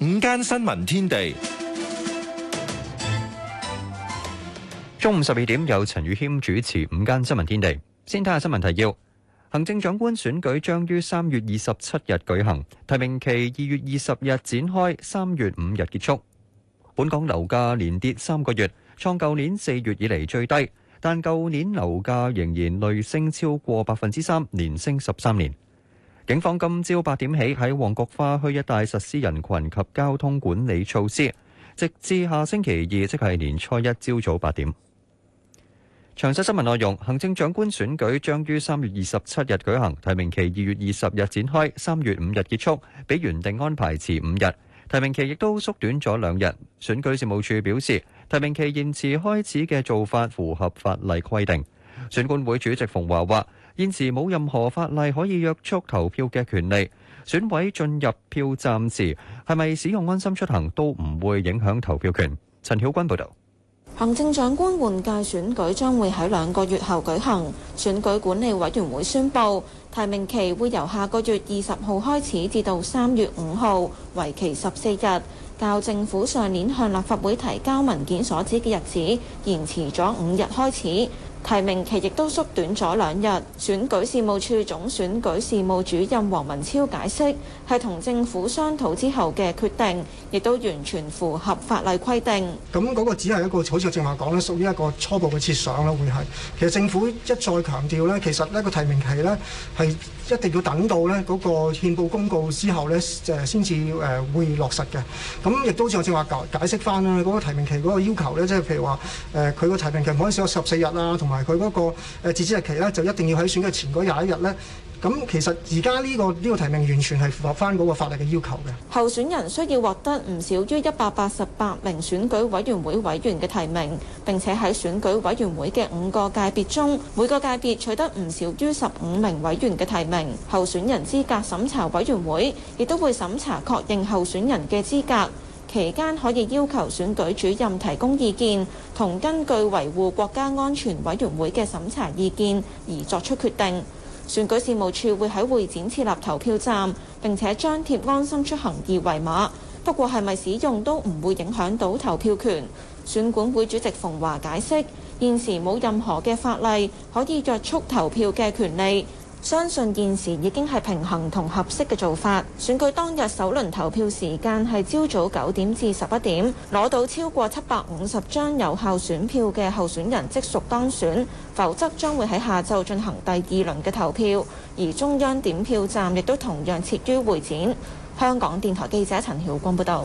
午間新聞天地，中午十二點有陳宇謙主持午間新聞天地。先睇下新聞提要：行政長官選舉將於三月二十七日舉行，提名期二月二十日展開，三月五日結束。本港樓價連跌三個月，創舊年四月以嚟最低，但舊年樓價仍然累升超過百分之三，連升十三年。警方今朝八點起喺旺角花墟一帶實施人群及交通管理措施，直至下星期二，即係年初一朝早八點。詳細新聞內容，行政長官選舉將於三月二十七日舉行，提名期二月二十日展開，三月五日結束，比原定安排遲五日。提名期亦都縮短咗兩日。選舉事務處表示，提名期延遲開始嘅做法符合法例規定。選管會主席馮華話。現時冇任何法例可以約束投票嘅權利。選委進入票站時，係咪使用安心出行都唔會影響投票權。陳曉君報導。行政長官換屆選舉將會喺兩個月後舉行。選舉管理委員會宣布，提名期會由下個月二十號開始，至到三月五號，為期十四日，較政府上年向立法會提交文件所指嘅日子延遲咗五日開始。提名期亦都縮短咗兩日。選舉事務處總選舉事務主任黃文超解釋。係同政府商討之後嘅決定，亦都完全符合法例規定。咁嗰個只係一個，好似我正話講咧，屬於一個初步嘅設想啦，會係。其實政府一再強調咧，其實呢個提名期咧係一定要等到咧嗰個憲報公告之後咧，誒先至誒會落實嘅。咁亦都好似我正話解解釋翻啦，嗰個提名期嗰個要求咧，即係譬如話誒佢個提名期唔可以少十四日啦，同埋佢嗰個截止日期咧就一定要喺選舉前嗰廿一日咧。咁其實而家呢個呢個提名完全係符合翻嗰個法例嘅要求嘅。候選人需要獲得唔少於一百八十八名選舉委員會委員嘅提名，並且喺選舉委員會嘅五個界別中，每個界別取得唔少於十五名委員嘅提名。候選人資格審查委員會亦都會審查確認候選人嘅資格，期間可以要求選舉主任提供意見，同根據維護國家安全委員會嘅審查意見而作出決定。選舉事務處會喺會展設立投票站，並且張貼安心出行二維碼。不過係咪使用都唔會影響到投票權？選管會主席馮華解釋：現時冇任何嘅法例可以約束投票嘅權利。相信現時已經係平衡同合適嘅做法。選舉當日首輪投票時間係朝早九點至十一點，攞到超過七百五十張有效選票嘅候選人即屬當選，否則將會喺下晝進行第二輪嘅投票。而中央點票站亦都同樣設於會展。香港電台記者陳曉光報道。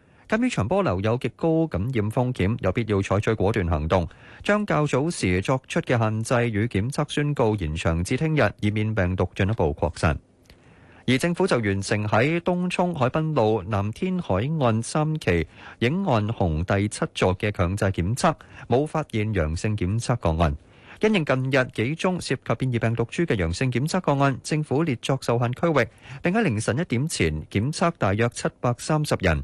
鑑於長波流有極高感染風險，有必要採取果斷行動，將較早時作出嘅限制與檢測宣告延長至聽日，以免病毒進一步擴散。而政府就完成喺東涌海濱路南天海岸三期影岸紅第七座嘅強制檢測，冇發現陽性檢測個案。因應近日幾宗涉及變異病毒株嘅陽性檢測個案，政府列作受限區域，並喺凌晨一點前檢測大約七百三十人。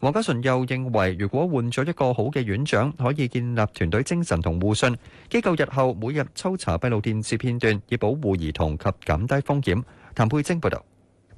王家純又認為，如果換咗一個好嘅院長，可以建立團隊精神同互信。機構日後每日抽查閉路電視片段，以保護兒童及減低風險。譚佩晶報道。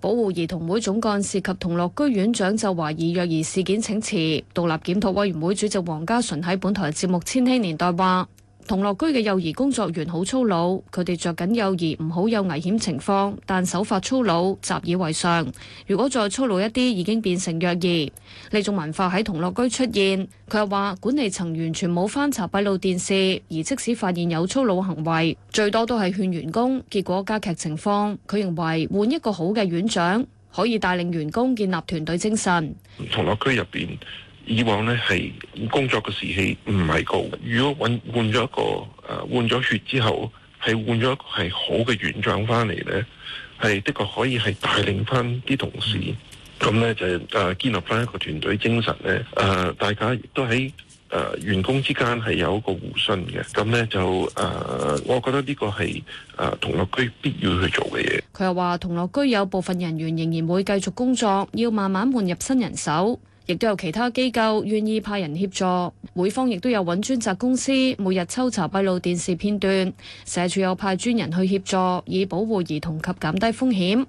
保護兒童會總幹事及同樂居院長就懷疑虐兒事件請辭，請辭。獨立檢討委員會主席王家純喺本台節目《千禧年代》話。同樂居嘅幼兒工作員好粗魯，佢哋着緊幼兒唔好有危險情況，但手法粗魯，習以為常。如果再粗魯一啲，已經變成虐兒。呢種文化喺同樂居出現，佢又話管理層完全冇翻查閉路電視，而即使發現有粗魯行為，最多都係勸員工，結果加劇情況。佢認為換一個好嘅院長，可以帶領員工建立團隊精神。同樂居入邊。以往呢係工作嘅士氣唔係高，如果換咗一個誒換咗血之後係換咗一個係好嘅院長翻嚟呢，係的確可以係帶領翻啲同事咁呢，嗯、就誒建立翻一個團隊精神呢。誒、呃、大家亦都喺誒員工之間係有一個互信嘅。咁呢，就、呃、誒，我覺得呢個係誒同樂居必要去做嘅嘢。佢又話，同樂居有部分人員仍然會繼續工作，要慢慢換入新人手。亦都有其他機構願意派人協助，每方亦都有揾專責公司每日抽查閉路電視片段，社署有派專人去協助，以保護兒童及減低風險。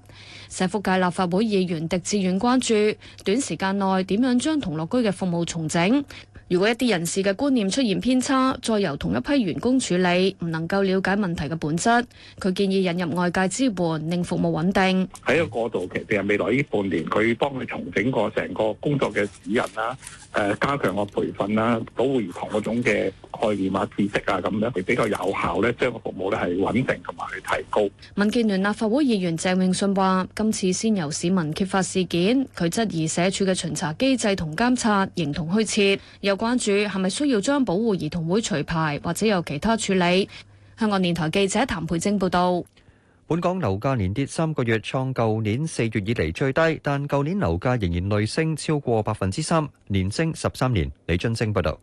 社福界立法會議員狄志遠關注，短時間內點樣將同樂居嘅服務重整？如果一啲人士嘅觀念出現偏差，再由同一批員工處理，唔能夠了解問題嘅本質。佢建議引入外界支援，令服務穩定。喺個過渡期定係未來呢半年，佢幫佢重整過成個工作嘅指引啦。誒加強個培訓啦，保護兒童嗰種嘅概念啊、知識啊咁樣，係比較有效咧，將個服務咧係穩定同埋提高。民建聯立法會議員鄭泳舜話：今次先由市民揭發事件，佢質疑社署嘅巡查機制同監察形同虛設，又關注係咪需要將保護兒童會除牌或者有其他處理。香港電台記者譚佩貞報道。本港樓價連跌三個月，創舊年四月以嚟最低，但舊年樓價仍然累升超過百分之三，連升十三年。李津升報導。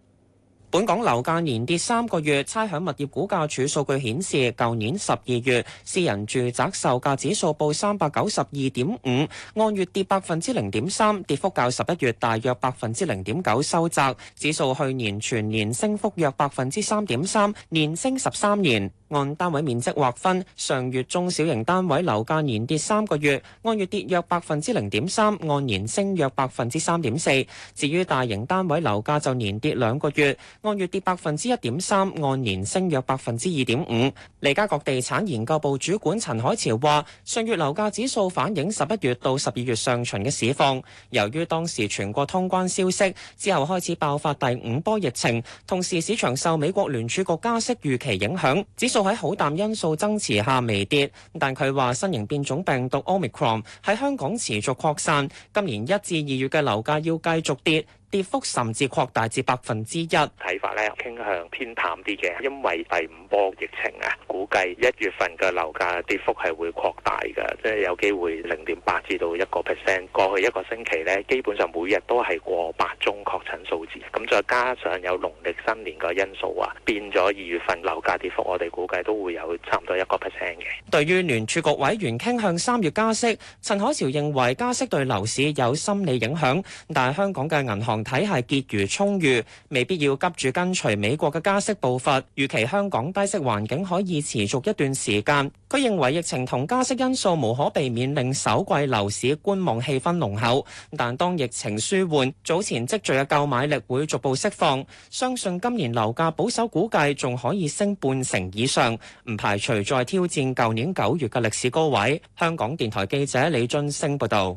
本港樓價連跌三個月，差餉物業估價署數據顯示，舊年十二月私人住宅售價指數報三百九十二點五，按月跌百分之零點三，跌幅較十一月大約百分之零點九收窄。指數去年全年升幅約百分之三點三，連升十三年。按單位面積劃分，上月中小型單位樓價連跌三個月，按月跌約百分之零點三，按年升約百分之三點四。至於大型單位樓價就連跌兩個月，按月跌百分之一點三，按年升約百分之二點五。利嘉閣地產研究部主管陳海潮話：上月樓價指數反映十一月到十二月上旬嘅市況，由於當時全國通關消息之後開始爆發第五波疫情，同時市場受美國聯儲局加息預期影響，都喺好淡因素增持下微跌，但佢話新型變種病毒 Omicron 喺香港持續擴散，今年一至二月嘅樓價要繼續跌。跌幅甚至擴大至百分之一，睇法咧，傾向偏淡啲嘅，因為第五波疫情啊，估計一月份嘅樓價跌幅係會擴大嘅，即係有機會零點八至到一個 percent。過去一個星期咧，基本上每日都係過百宗確診數字，咁再加上有農曆新年個因素啊，變咗二月份樓價跌幅，我哋估計都會有差唔多一個 percent 嘅。對於聯儲局委員傾向三月加息，陳海潮認為加息對樓市有心理影響，但係香港嘅銀行。體系結餘充裕，未必要急住跟隨美國嘅加息步伐。預期香港低息環境可以持續一段時間。佢認為疫情同加息因素無可避免令首季樓市觀望氣氛濃厚，但當疫情舒緩，早前積聚嘅購買力會逐步釋放。相信今年樓價保守估計仲可以升半成以上，唔排除再挑戰舊年九月嘅歷史高位。香港電台記者李津升報道。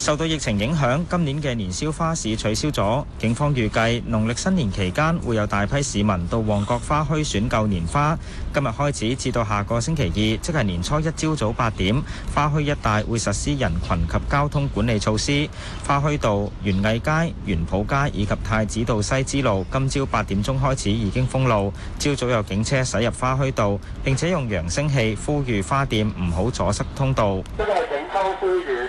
受到疫情影響，今年嘅年宵花市取消咗。警方預計農曆新年期間會有大批市民到旺角花墟選購年花。今日開始至到下個星期二，即係年初一朝早八點，花墟一帶會實施人群及交通管理措施。花墟道、園藝街、園圃街以及太子道西之路，今朝八點鐘開始已經封路。朝早有警車駛入花墟道，並且用揚聲器呼籲花店唔好阻塞通道。呢個係警方呼籲。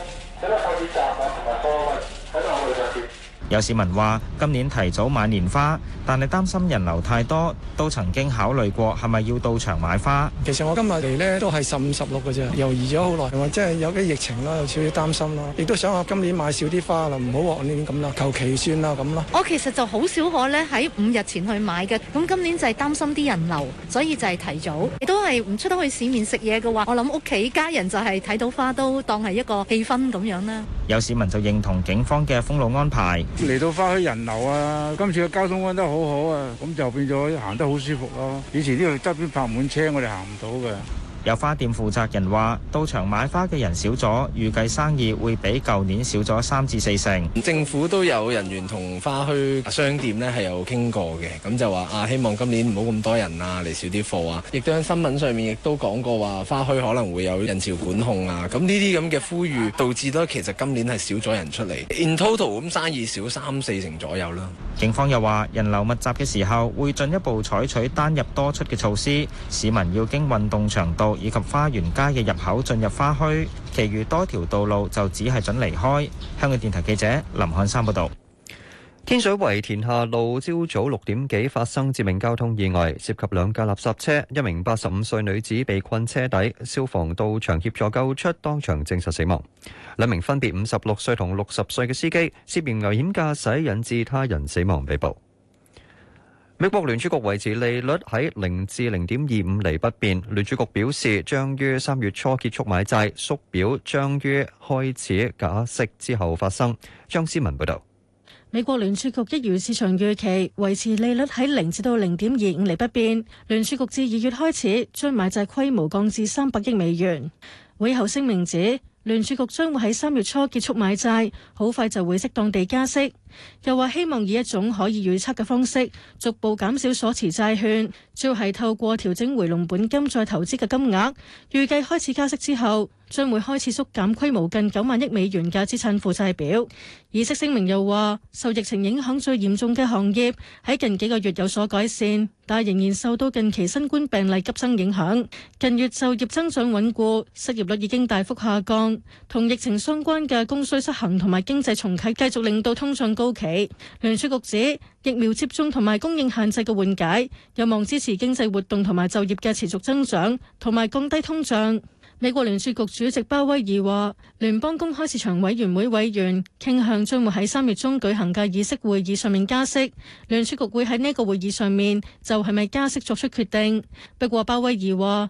有市民話：今年提早買年花，但係擔心人流太多，都曾經考慮過係咪要到場買花。其實我今日嚟呢都係十五十六嘅啫，猶豫咗好耐，同埋即係有啲疫情啦，有少少擔心啦，亦都想我今年買少啲花啦，唔好惡亂咁啦，求其算啦咁啦。我其實就好少可咧喺五日前去買嘅，咁今年就係擔心啲人流，所以就係提早。亦、嗯、都係唔出得去市面食嘢嘅話，我諗屋企家人就係睇到花都當係一個氣氛咁樣啦。有市民就認同警方嘅封路安排。嚟到花墟人流啊，今次嘅交通安得好好啊，咁就變咗行得好舒服咯、啊。以前呢度側邊泊滿車，我哋行唔到嘅。有花店負責人話：到場買花嘅人少咗，預計生意會比舊年少咗三至四成。政府都有人員同花墟商店呢係有傾過嘅，咁就話啊，希望今年唔好咁多人啊，嚟少啲貨啊。亦都喺新聞上面亦都講過話，花墟可能會有人潮管控啊。咁呢啲咁嘅呼籲，導致到其實今年係少咗人出嚟，in total 咁生意少三四成左右啦。警方又話：人流密集嘅時候，會進一步採取單入多出嘅措施，市民要經運動場道。以及花園街嘅入口進入花墟，其餘多條道路就只係准離開。香港電台記者林漢山報道。天水圍田下路朝早六點幾發生致命交通意外，涉及兩架垃圾車，一名八十五歲女子被困車底，消防到場協助救出，當場證實死亡。兩名分別五十六歲同六十歲嘅司機涉嫌危險駕駛，引致他人死亡被捕。美國聯儲局維持利率喺零至零點二五厘不變。聯儲局表示，將於三月初結束買債，縮表將於開始加息之後發生。張思文報道：美國聯儲局一如市場預期，維持利率喺零至到零點二五厘不變。聯儲局自二月開始，將買債規模降至三百億美元。會後聲明指，聯儲局將會喺三月初結束買債，好快就會適當地加息。又話希望以一種可以預測嘅方式，逐步減少所持債券，主要係透過調整回籠本金再投資嘅金額。預計開始加息之後，將會開始縮減規模近九萬億美元嘅資產負債表。議息聲明又話，受疫情影響最嚴重嘅行業喺近幾個月有所改善，但仍然受到近期新冠病例急增影響。近月就業增長穩固，失業率已經大幅下降，同疫情相關嘅供需失衡同埋經濟重啟繼，繼續令到通脹。到期，聯儲局指疫苗接種同埋供應限制嘅緩解，有望支持經濟活動同埋就業嘅持續增長同埋降低通脹，美國聯儲局主席鮑威爾話聯邦公開市場委員會委員傾向將會喺三月中舉行嘅議息會議上面加息，聯儲局會喺呢個會議上面就係咪加息作出決定。不過鮑威爾話。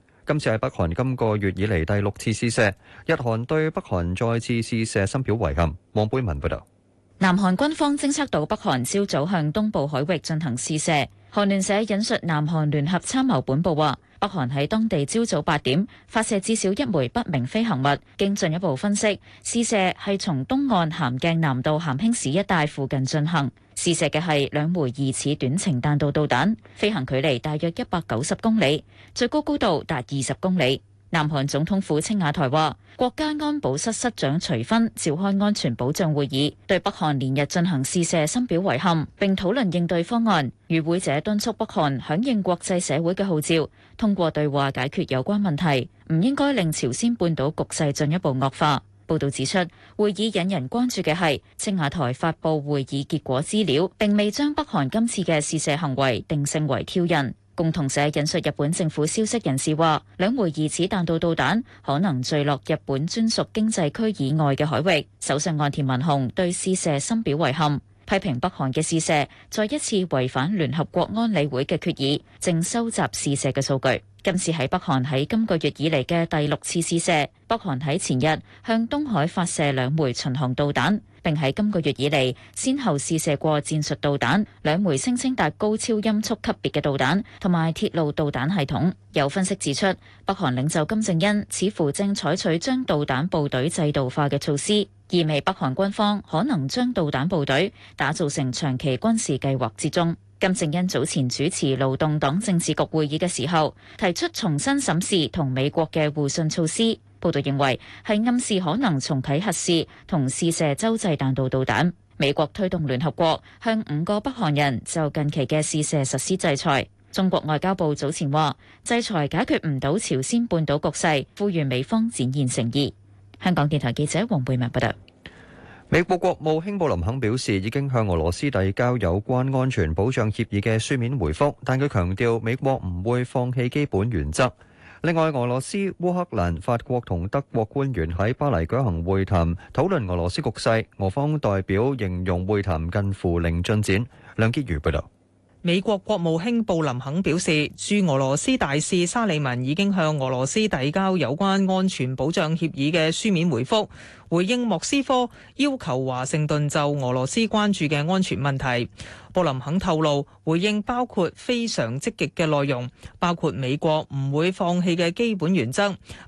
今次係北韓今個月以嚟第六次試射，日韓對北韓再次試射深表遺憾。王貝文報導，南韓軍方偵測到北韓朝早向東部海域進行試射，韓聯社引述南韓聯合參謀本部話，北韓喺當地朝早八點發射至少一枚不明飛行物，經進一步分析，試射係從東岸咸鏡南道咸興市一帶附近進行。試射嘅係兩枚疑似短程彈道導彈，飛行距離大約一百九十公里，最高高度達二十公里。南韓總統府青瓦台話，國家安保室室長徐薰召開安全保障會議，對北韓連日進行試射深表遺憾，並討論應對方案。與會者敦促北韓響應國際社會嘅號召。通過對話解決有關問題，唔應該令朝鮮半島局勢進一步惡化。報道指出，會議引人關注嘅係青瓦台發布會議結果資料，並未將北韓今次嘅試射行為定性為挑釁。共同社引述日本政府消息人士話，兩枚疑似彈道導彈可能墜落日本專屬經濟區以外嘅海域。首相岸田文雄對試射深表遺憾。批評北韓嘅試射，再一次違反聯合國安理會嘅決議，正收集試射嘅數據。今次喺北韓喺今個月以嚟嘅第六次試射。北韓喺前日向東海發射兩枚巡航導彈。並喺今個月以嚟，先後試射過戰術導彈兩枚，聲稱達高超音速級別嘅導彈，同埋鐵路導彈系統。有分析指出，北韓領袖金正恩似乎正採取將導彈部隊制度化嘅措施，意味北韓軍方可能將導彈部隊打造成長期軍事計劃之中。金正恩早前主持勞動黨政治局會議嘅時候，提出重新審視同美國嘅互信措施。報道認為係暗示可能重啟核試同試射洲際彈道導彈。美國推動聯合國向五個北韓人就近期嘅試射實施制裁。中國外交部早前話，制裁解決唔到朝鮮半島局勢，呼籲美方展現誠意。香港電台記者黃貝文報道。美國國務卿布林肯表示，已經向俄羅斯遞交有關安全保障協議嘅書面回覆，但佢強調美國唔會放棄基本原則。另外，俄羅斯、烏克蘭、法國同德國官員喺巴黎舉行會談，討論俄羅斯局勢。俄方代表形容會談近乎零進展。梁潔如報導。美國國務卿布林肯表示，駐俄羅斯大使沙利文已經向俄羅斯遞交有關安全保障協議嘅書面回覆，回應莫斯科要求華盛頓就俄羅斯關注嘅安全問題。布林肯透露，回應包括非常積極嘅內容，包括美國唔會放棄嘅基本原則、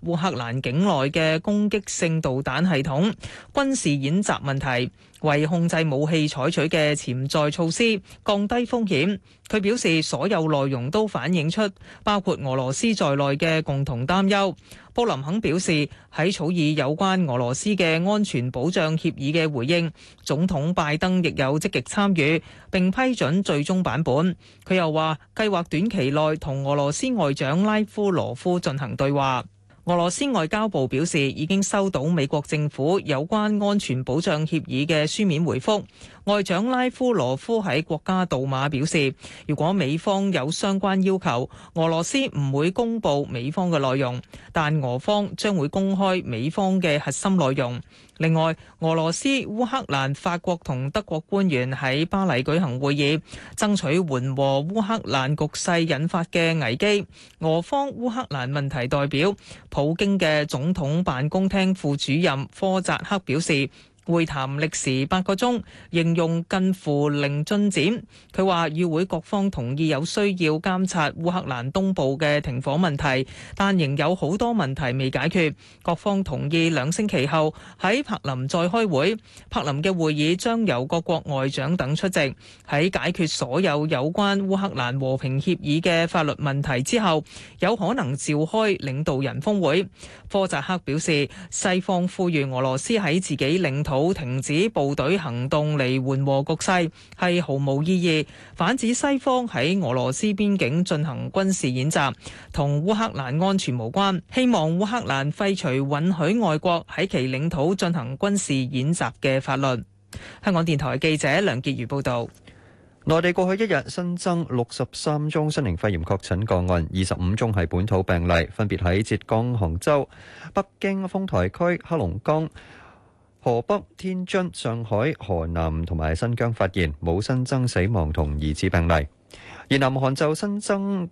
烏克蘭境內嘅攻擊性導彈系統、軍事演習問題。為控制武器採取嘅潛在措施，降低風險。佢表示所有內容都反映出包括俄羅斯在內嘅共同擔憂。布林肯表示，喺草擬有關俄羅斯嘅安全保障協議嘅回應，總統拜登亦有積極參與，並批准最終版本。佢又話計劃短期內同俄羅斯外長拉夫羅夫進行對話。俄羅斯外交部表示，已經收到美國政府有關安全保障協議嘅書面回覆。外長拉夫羅夫喺國家杜馬表示，如果美方有相關要求，俄羅斯唔會公布美方嘅內容，但俄方將會公開美方嘅核心內容。另外，俄羅斯、烏克蘭、法國同德國官員喺巴黎舉行會議，爭取緩和烏克蘭局勢引發嘅危機。俄方烏克蘭問題代表、普京嘅總統辦公廳副主任科扎克表示。會談歷時八個鐘，形容近乎零進展。佢話與會各方同意有需要監察烏克蘭東部嘅停火問題，但仍有好多問題未解決。各方同意兩星期後喺柏林再開會。柏林嘅會議將由各國外長等出席。喺解決所有有關烏克蘭和平協議嘅法律問題之後，有可能召開領導人峰會。科扎克表示，西方呼籲俄羅斯喺自己領土冇停止部隊行動嚟緩和局勢，係毫無意義。反指西方喺俄羅斯邊境進行軍事演習，同烏克蘭安全無關。希望烏克蘭廢除允許外國喺其領土進行軍事演習嘅法律。香港電台記者梁潔如報導。內地過去一日新增六十三宗新型肺炎確診個案，二十五宗係本土病例，分別喺浙江杭州、北京豐台區、黑龍江、河北、天津、上海、河南同埋新疆，發現冇新增死亡同疑似病例。而南韓就新增，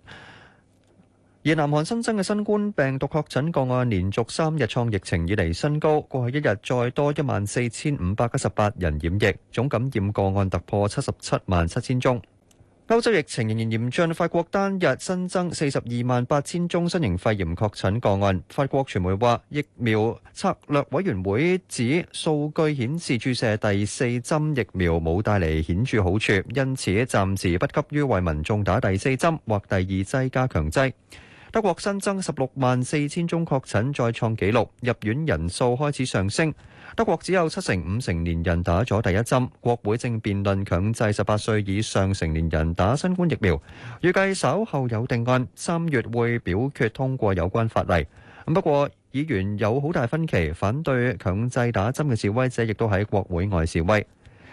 而南韓新增嘅新冠病毒確診個案連續三日創疫情以嚟新高，過去一日再多一萬四千五百八十八人染疫，總感染個案突破七十七萬七千宗。歐洲疫情仍然嚴峻，法國單日新增四十二萬八千宗新型肺炎確診個案。法國傳媒話，疫苗策略委員會指數據顯示注射第四針疫苗冇帶嚟顯著好處，因此暫時不急於為民眾打第四針或第二劑加強劑。德國新增十六萬四千宗確診，再創紀錄，入院人數開始上升。德國只有七成五成年人打咗第一針，國會正辯論強制十八歲以上成年人打新冠疫苗，預計稍後有定案，三月會表決通過有關法例。咁不過，議員有好大分歧，反對強制打針嘅示威者亦都喺國會外示威。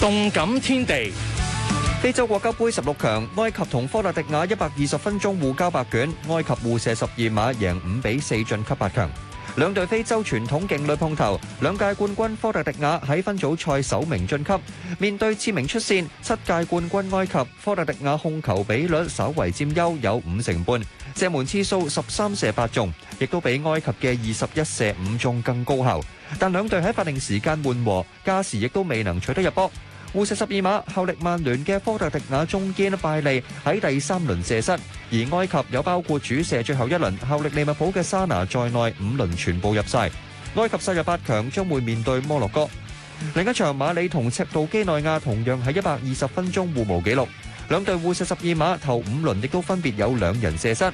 動感天地，非洲國家盃十六強，埃及同科特迪亞一百二十分鐘互交白卷，埃及互射十二碼贏五比四晉級八強。兩隊非洲傳統勁旅碰頭，兩屆冠軍科特迪亞喺分組賽首名晉級，面對次名出線七屆冠軍埃及，科特迪亞控球比率稍為佔優，有五成半，射門次數十三射八中，亦都比埃及嘅二十一射五中更高效。但兩隊喺法定時間緩和，加時亦都未能取得入波。互射十二碼效力曼聯嘅科特迪瓦中堅拜利喺第三輪射失，而埃及有包括主射最後一輪效力利物浦嘅沙拿在內五輪全部入晒。埃及殺入八強將會面對摩洛哥。另一場馬里同赤道幾內亞同樣喺一百二十分鐘互無紀錄，兩隊互射十二碼頭五輪亦都分別有兩人射失。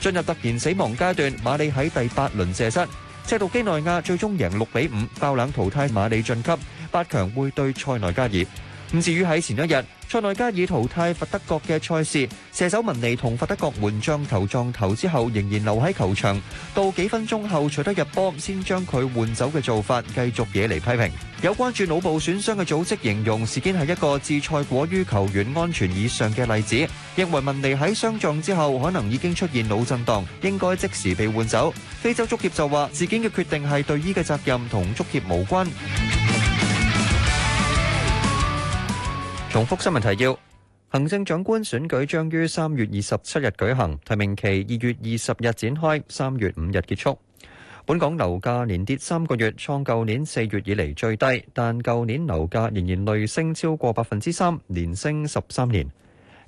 進入突然死亡階段，馬里喺第八輪射失。赤道幾內亞最終贏六比五爆冷淘汰馬里晉級，八強會對塞內加爾。咁至於喺前一日塞內加爾淘汰法德國嘅賽事，射手文尼同法德國門將頭撞頭之後，仍然留喺球場，到幾分鐘後取得入波，先將佢換走嘅做法，繼續惹嚟批評。有關注腦部損傷嘅組織形容事件係一個置賽果於球員安全以上嘅例子，認為文尼喺相撞之後可能已經出現腦震盪，應該即時被換走。非洲足協就話自己嘅決定係隊醫嘅責任，同足協無關。重複新聞提要：行政長官選舉將於三月二十七日舉行，提名期二月二十日展開，三月五日結束。本港樓價連跌三個月，創舊年四月以嚟最低，但舊年樓價仍然累升超過百分之三，連升十三年。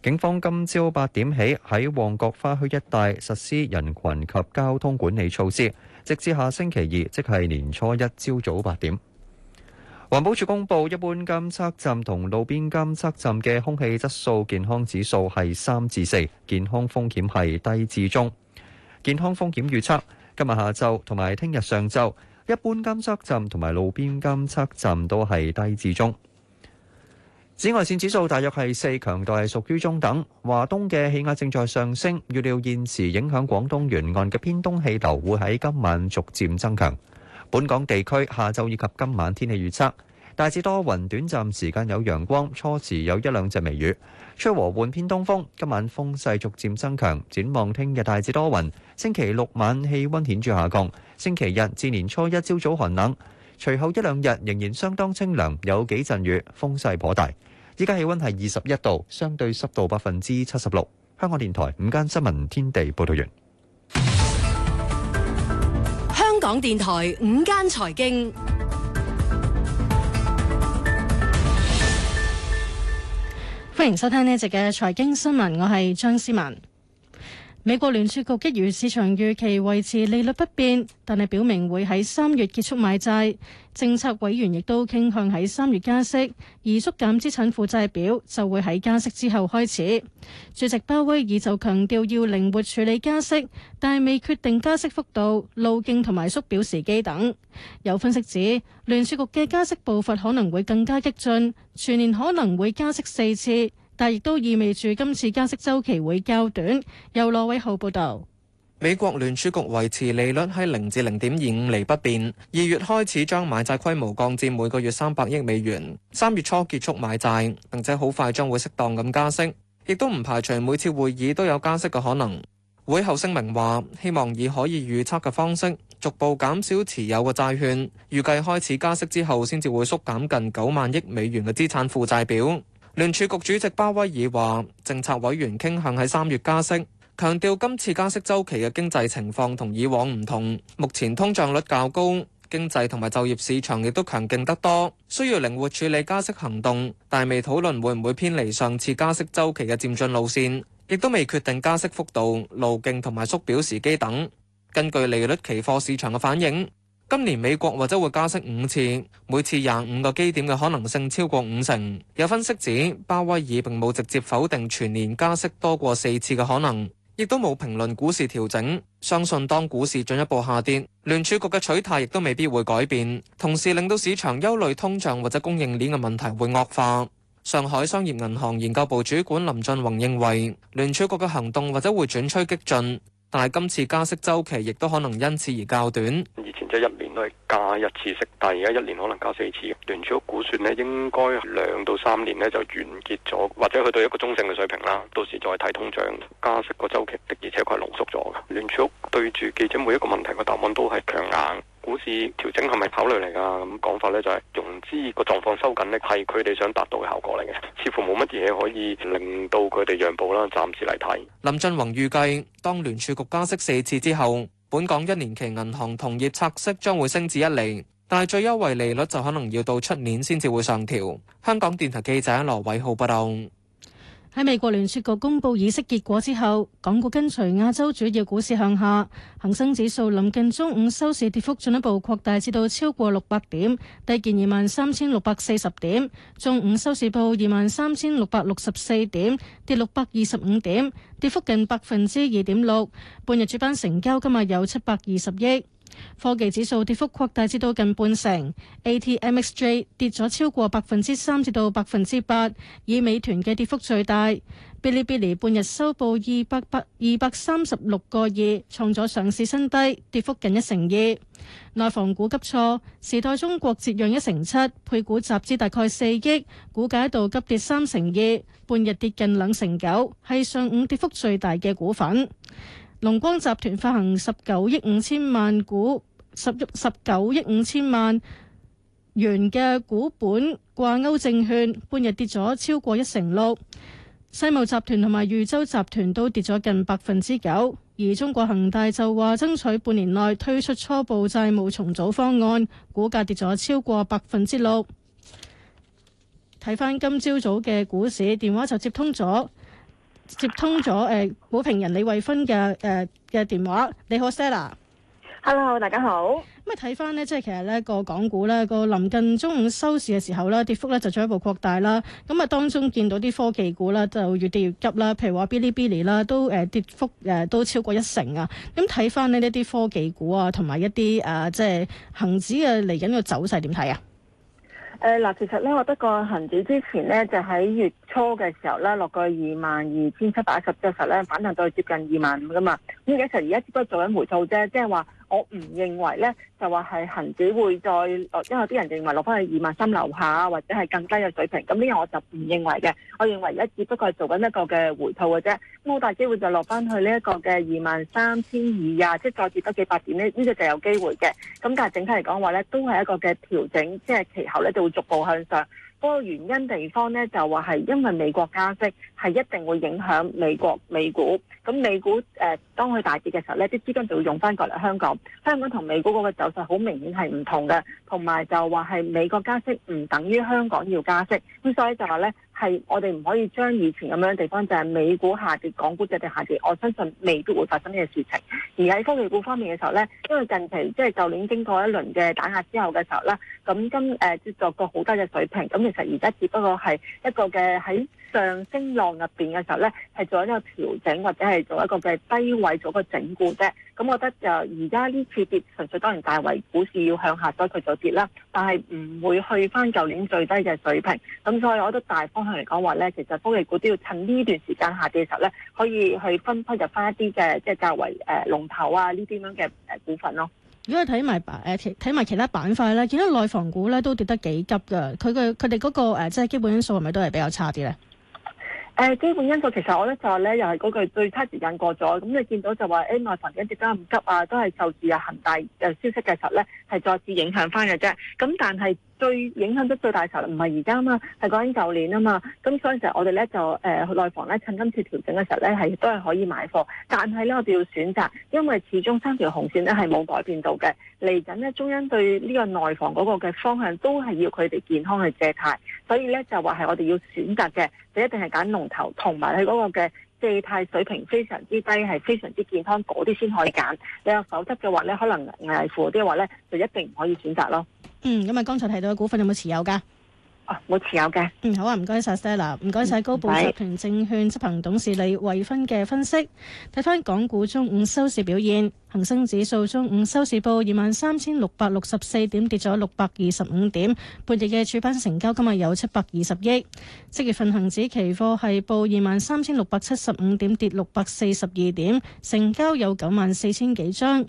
警方今朝八點起喺旺角花墟一帶實施人群及交通管理措施，直至下星期二，即係年初一朝早八點。環保署公布，一般監測站同路邊監測站嘅空氣質素健康指數係三至四，健康風險係低至中。健康風險預測，今日下晝同埋聽日上晝，一般監測站同埋路邊監測站都係低至中。紫外綫指數大約係四，強度係屬於中等。華東嘅氣壓正在上升，預料現時影響廣東沿岸嘅偏東氣流會喺今晚逐漸增強。本港地區下晝以及今晚天氣預測，大致多雲，短暫時間有陽光，初時有一兩陣微雨，吹和緩偏東風，今晚風勢逐漸增強。展望聽日大致多雲，星期六晚氣溫顯著下降，星期日至年初一朝早寒冷，隨後一兩日仍然相當清涼，有幾陣雨，風勢頗大。依家氣溫係二十一度，相對濕度百分之七十六。香港電台午間新聞天地報道完。港電台午間財經，歡迎收聽呢一節嘅財經新聞，我係張思文。美國聯儲局一如市場預期維持利率不變，但係表明會喺三月結束買債。政策委員亦都傾向喺三月加息，而縮減資產負債表就會喺加息之後開始。主席鮑威爾就強調要靈活處理加息，但未決定加息幅度、路徑同埋縮表時機等。有分析指，聯儲局嘅加息步伐可能會更加激進，全年可能會加息四次。但亦都意味住今次加息周期會較短。由羅偉浩報道，美國聯儲局維持利率喺零至零點二五厘不變，二月開始將買債規模降至每個月三百億美元，三月初結束買債，並且好快將會適當咁加息，亦都唔排除每次會議都有加息嘅可能。會後聲明話，希望以可以預測嘅方式逐步減少持有嘅債券，預計開始加息之後先至會縮減近九萬億美元嘅資產負債表。聯儲局主席巴威爾話，政策委員傾向喺三月加息，強調今次加息周期嘅經濟情況同以往唔同，目前通脹率較高，經濟同埋就業市場亦都強勁得多，需要靈活處理加息行動。但未討論會唔會偏離上次加息周期嘅漸進路線，亦都未決定加息幅度，路徑同埋縮表時機等。根據利率期貨市場嘅反應，今年美國或者會加息五次，每次廿五個基點嘅可能性超過五成。有分析指，鮑威爾並冇直接否定全年加息多過四次嘅可能，亦都冇評論股市調整。相信當股市進一步下跌，聯儲局嘅取態亦都未必會改變，同時令到市場憂慮通脹或者供應鏈嘅問題會惡化。上海商業銀行研究部主管林俊宏認為，聯儲局嘅行動或者會轉趨激進。但係今次加息周期亦都可能因此而較短。以前即係一年都係加一次息，但係而家一年可能加四次。聯儲局估算呢，應該兩到三年呢就完結咗，或者去到一個中性嘅水平啦。到時再睇通脹加息個周期的，而且確係濃縮咗嘅。聯儲局對住記者每一個問題嘅答案都係強硬。股市調整係咪考慮嚟㗎？咁講法咧，就係融資個狀況收緊呢係佢哋想達到嘅效果嚟嘅。似乎冇乜嘢可以令到佢哋讓步啦。暫時嚟睇。林俊宏預計，當聯儲局加息四次之後，本港一年期銀行同業拆息將會升至一厘，但係最優惠利率就可能要到出年先至會上調。香港電台記者羅偉浩報道。喺美國聯儲局公佈議息結果之後，港股跟隨亞洲主要股市向下，恒生指數臨近中午收市跌幅進一步擴大，至到超過六百點，低見二萬三千六百四十點。中午收市報二萬三千六百六十四點，跌六百二十五點，跌幅近百分之二點六。半日主板成交今日有七百二十億。科技指數跌幅擴大至到近半成，ATMXJ 跌咗超過百分之三至到百分之八，以美團嘅跌幅最大。嗶哩嗶哩半日收報二百八二百三十六個二，創咗上市新低，跌幅近一成二。內房股急挫，時代中國折讓一成七，配股集資大概四億，股價一度急跌三成二，半日跌近兩成九，係上午跌幅最大嘅股份。龍光集團發行十九億五千萬股，十十九億五千萬元嘅股本掛鈎證券，半日跌咗超過一成六。世茂集團同埋豫州集團都跌咗近百分之九，而中國恒大就話爭取半年內推出初步債務重組方案，股價跌咗超過百分之六。睇返今朝早嘅股市，電話就接通咗。接通咗誒股評人李慧芬嘅誒嘅電話，你好 Sara。Hello，大家好。咁啊，睇翻呢，即係其實呢個港股呢，個臨近中午收市嘅時候咧，跌幅咧就進一步擴大啦。咁啊，當中見到啲科技股咧就越跌越急啦，譬如話 Bilibili 啦，都、呃、誒跌幅誒都超過一成啊。咁睇翻咧呢啲科技股啊，同埋一啲誒、啊、即係恒指嘅嚟緊嘅走勢點睇啊？誒嗱、呃，其實咧，我得個恆指之前咧，就喺月初嘅時候咧，落過二萬二千七百一十，之後實咧反彈到接近二萬五噶嘛，咁其實而家只不過做緊回吐啫。即係話。我唔認為呢就話係恒指會再，因為啲人認為落翻去二萬三樓下或者係更低嘅水平。咁呢樣我就唔認為嘅。我認為而家，只不過係做緊一個嘅回吐嘅啫。咁好大機會就落翻去呢一個嘅二萬三千二啊，即係再跌多幾百點呢，呢個就有機會嘅。咁但係整體嚟講話呢，都係一個嘅調整，即係其後呢就會逐步向上。嗰個原因地方咧，就話係因為美國加息，係一定會影響美國美股。咁美股誒、呃、當佢大跌嘅時候咧，啲資金就會用翻過嚟香港。香港同美股嗰個走勢好明顯係唔同嘅，同埋就話係美國加息唔等於香港要加息。咁所以就話咧。係我哋唔可以將以前咁樣地方，就係美股下跌、港股只跌下跌，我相信未必會發生呢個事情。而喺科技股方面嘅時候咧，因為近期即係舊年經過一輪嘅打壓之後嘅時候咧，咁今誒接觸過好低嘅水平，咁、嗯、其實而家只不過係一個嘅喺上升浪入邊嘅時候咧，係做一個調整或者係做一個嘅低位做個整固啫。咁我覺得就而家呢次跌，純粹當然大為股市要向下，所以佢就跌啦。但係唔會去翻舊年最低嘅水平。咁所以我覺得大方向嚟講話咧，其實科技股都要趁呢段時間下跌嘅時候咧，可以去分批入翻一啲嘅即係較為誒、呃、龍頭啊呢啲咁樣嘅誒股份咯。如果你睇埋板睇埋其他板塊咧，見到內房股咧都跌得幾急㗎。佢嘅佢哋嗰個、呃、即係基本因素係咪都係比較差啲咧？誒，基本因素其實我咧就係咧，又係嗰句最差時間過咗，咁、嗯、你見到就話誒，外盤一跌得咁急啊，都係受住啊恒大誒消息嘅時候咧，係再次影響翻嘅啫，咁、嗯、但係。最影響得最大嘅時候，唔係而家啊嘛，係講緊舊年啊嘛。咁所以，我哋咧就誒內房咧，趁今次調整嘅時候咧，係都係可以買貨。但係咧，我哋要選擇，因為始終三條紅線咧係冇改變到嘅。嚟緊咧，中央對呢個內房嗰個嘅方向都係要佢哋健康去借貸，所以咧就話係我哋要選擇嘅，就一定係揀龍頭同埋佢嗰個嘅。負債水平非常之低，係非常之健康，嗰啲先可以揀。你有否則嘅話咧，可能危乎啲嘅話咧，就一定唔可以選擇咯。嗯，咁啊，剛才提到嘅股份有冇持有噶？哦，冇持有嘅。嗯，好啊，唔該晒，Stella，唔該晒高寶集團證券執行董事李慧芬嘅分析。睇翻港股中午收市表現，恒生指數中午收市報二萬三千六百六十四點，跌咗六百二十五點。半日嘅主板成交今日有七百二十億。即月份恒指期貨係報二萬三千六百七十五點，跌六百四十二點，成交有九萬四千幾張。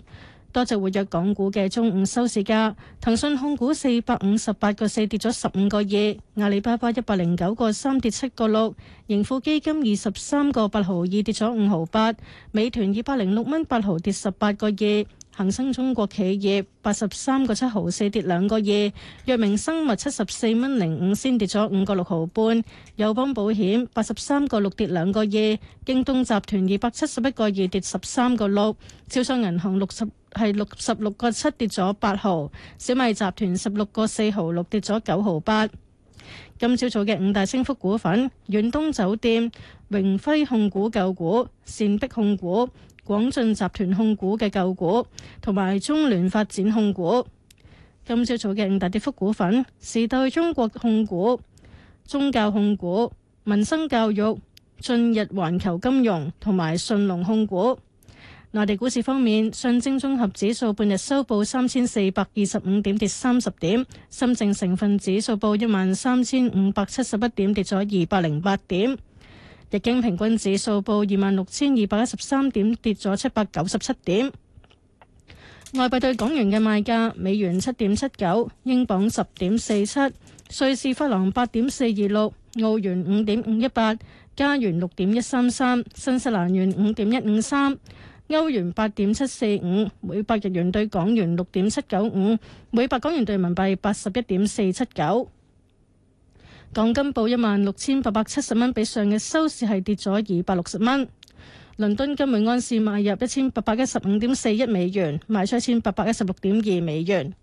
多隻活躍港股嘅中午收市價，騰訊控股四百五十八個四跌咗十五個二，阿里巴巴一百零九個三跌七個六，盈富基金二十三個八毫二跌咗五毫八，美團二百零六蚊八毫跌十八個二。恒生中國企業八十三個七毫四跌兩個二，藥明生物七十四蚊零五先跌咗五個六毫半，友邦保險八十三個六跌兩個二，京東集團二百七十一個二跌十三個六，招商銀行六十係六十六個七跌咗八毫，小米集團十六個四毫六跌咗九毫八。今朝早嘅五大升幅股份：遠東酒店、榮輝控股舊股、善碧控股、廣進集團控股嘅舊股，同埋中聯發展控股。今朝早嘅五大跌幅股份：時代中國控股、中教控股、民生教育、駿日環球金融，同埋信隆控股。內地股市方面，上證綜合指數半日收報三千四百二十五點，跌三十點；深證成分指數報一萬三千五百七十一點，跌咗二百零八點。日經平均指數報二萬六千二百一十三點，跌咗七百九十七點。外幣對港元嘅賣價：美元七點七九，英鎊十點四七，瑞士法郎八點四二六，澳元五點五一八，加元六點一三三，新西蘭元五點一五三，歐元八點七四五，每百日元對港元六點七九五，每百港元對人民幣八十一點四七九。港金報一萬六千八百七十蚊，比上日收市係跌咗二百六十蚊。倫敦金每安士買入一千八百一十五點四一美元，賣出一千八百一十六點二美元。